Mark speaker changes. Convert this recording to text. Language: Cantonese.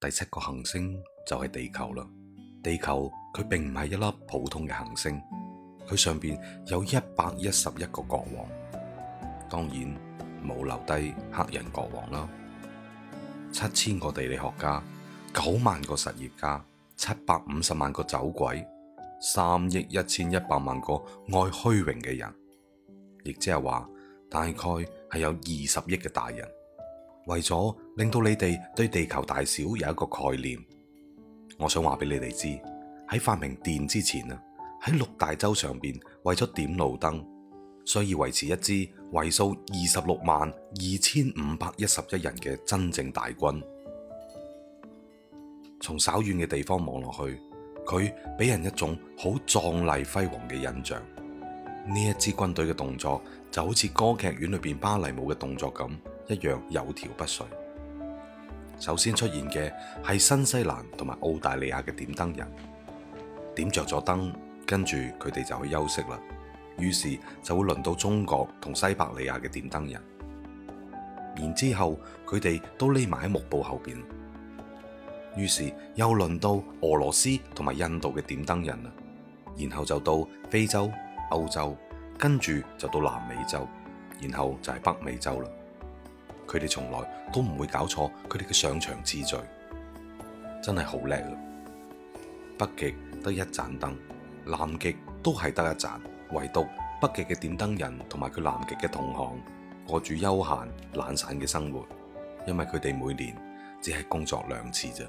Speaker 1: 第七個行星就係地球啦。地球佢並唔係一粒普通嘅行星，佢上邊有一百一十一個國王，當然冇留低黑人國王啦。七千個地理學家，九萬個實業家，七百五十萬個走鬼，三億一千一百萬個愛虛榮嘅人，亦即係話，大概係有二十億嘅大人。為咗令到你哋對地球大小有一個概念，我想話俾你哋知，喺發明電之前啊，喺六大洲上邊為咗點路燈，所以維持一支為數二十六萬二千五百一十一人嘅真正大軍。從稍遠嘅地方望落去，佢俾人一種好壯麗輝煌嘅印象。呢一支軍隊嘅動作就好似歌劇院裏邊芭蕾舞嘅動作咁。一樣有條不紊。首先出現嘅係新西蘭同埋澳大利亞嘅點燈人，點着咗燈，跟住佢哋就去休息啦。於是就會輪到中國同西伯利亞嘅點燈人，然之後佢哋都匿埋喺幕布後邊。於是又輪到俄羅斯同埋印度嘅點燈人啦，然後就到非洲、歐洲，跟住就到南美洲，然後就係北美洲啦。佢哋從來都唔會搞錯佢哋嘅上場次序，真係好叻啦！北極得一盞燈，南極都係得一盞，唯獨北極嘅點燈人同埋佢南極嘅同行，過住悠閒懶散嘅生活，因為佢哋每年只係工作兩次咋。